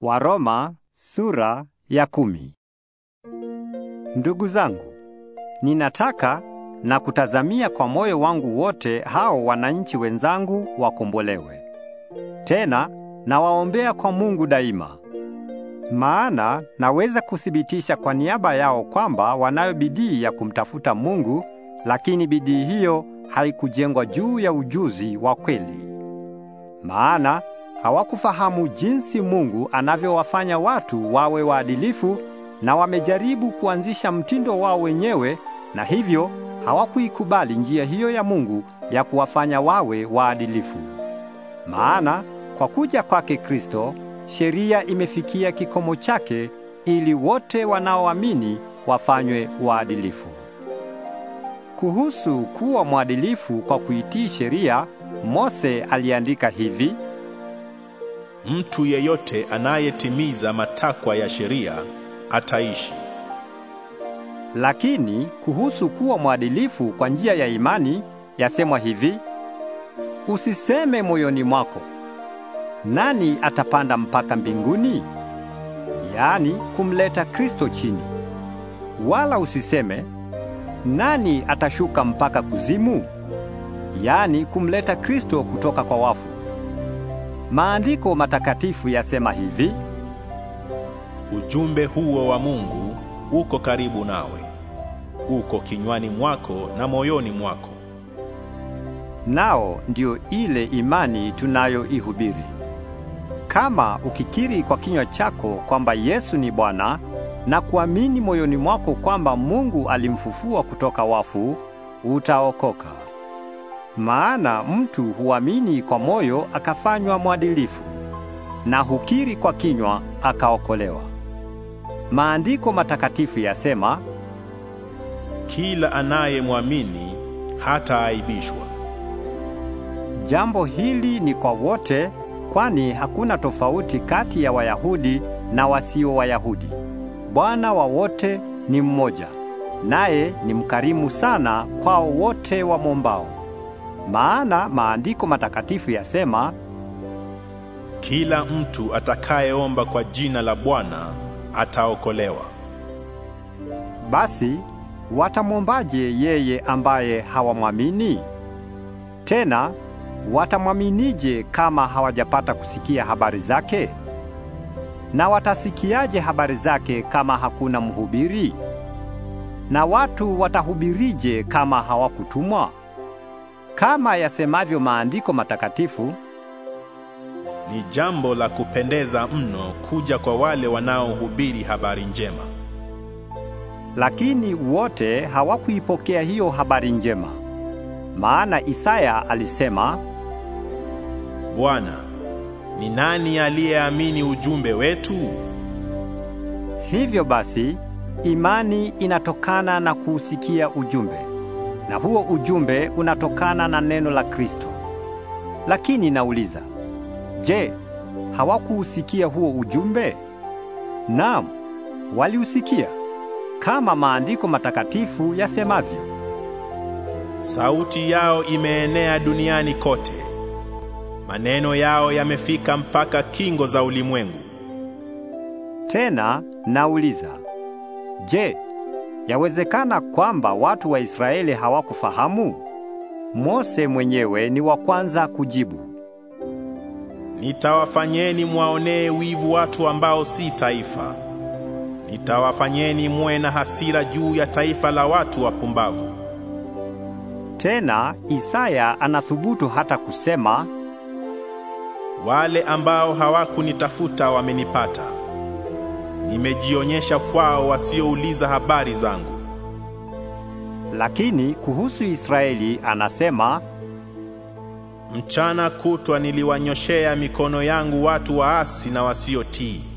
Waroma sura ya kumi. Ndugu zangu, ninataka na kutazamia kwa moyo wangu wote hao wananchi wenzangu wakombolewe. Tena nawaombea kwa Mungu daima. Maana naweza kuthibitisha kwa niaba yao kwamba wanayo bidii ya kumtafuta Mungu, lakini bidii hiyo haikujengwa juu ya ujuzi wa kweli. Maana hawakufahamu jinsi Mungu anavyowafanya watu wawe waadilifu na wamejaribu kuanzisha mtindo wao wenyewe na hivyo hawakuikubali njia hiyo ya Mungu ya kuwafanya wawe waadilifu. Maana kwa kuja kwake Kristo, sheria imefikia kikomo chake ili wote wanaoamini wafanywe waadilifu. Kuhusu kuwa mwadilifu kwa kuitii sheria, Mose aliandika hivi: mtu yeyote anayetimiza matakwa ya sheria ataishi. Lakini kuhusu kuwa mwadilifu kwa njia ya imani yasemwa hivi: usiseme moyoni mwako, nani atapanda mpaka mbinguni? Yaani kumleta Kristo chini. Wala usiseme nani atashuka mpaka kuzimu? Yaani kumleta Kristo kutoka kwa wafu. Maandiko matakatifu yasema hivi: ujumbe huo wa Mungu uko karibu nawe, uko kinywani mwako na moyoni mwako. Nao ndio ile imani tunayoihubiri. Kama ukikiri kwa kinywa chako kwamba Yesu ni Bwana na kuamini moyoni mwako kwamba Mungu alimfufua kutoka wafu, utaokoka. Maana mtu huamini kwa moyo akafanywa mwadilifu na hukiri kwa kinywa akaokolewa. Maandiko matakatifu yasema, kila anayemwamini hataaibishwa. Jambo hili ni kwa wote, kwani hakuna tofauti kati ya Wayahudi na wasio Wayahudi. Bwana wa wote ni mmoja, naye ni mkarimu sana kwao wote wamwombao maana maandiko matakatifu yasema, kila mtu atakayeomba kwa jina la Bwana ataokolewa. Basi watamwombaje yeye ambaye hawamwamini? Tena watamwaminije kama hawajapata kusikia habari zake? Na watasikiaje habari zake kama hakuna mhubiri? Na watu watahubirije kama hawakutumwa? kama yasemavyo maandiko matakatifu, ni jambo la kupendeza mno kuja kwa wale wanaohubiri habari njema. Lakini wote hawakuipokea hiyo habari njema. Maana Isaya alisema, Bwana, ni nani aliyeamini ujumbe wetu? Hivyo basi, imani inatokana na kuusikia ujumbe na huo ujumbe unatokana na neno la Kristo. Lakini nauliza, je, hawakuusikia huo ujumbe? Naam, waliusikia kama maandiko matakatifu yasemavyo, sauti yao imeenea duniani kote, maneno yao yamefika mpaka kingo za ulimwengu. Tena nauliza, je, Yawezekana kwamba watu wa Israeli hawakufahamu? Mose mwenyewe ni wa kwanza kujibu. Nitawafanyeni mwaonee wivu watu ambao si taifa. Nitawafanyeni muwe na hasira juu ya taifa la watu wapumbavu. Tena Isaya anathubutu hata kusema, wale ambao hawakunitafuta wamenipata nimejionyesha kwao wasiouliza habari zangu. Lakini kuhusu Israeli anasema, mchana kutwa niliwanyoshea mikono yangu watu waasi na wasiotii.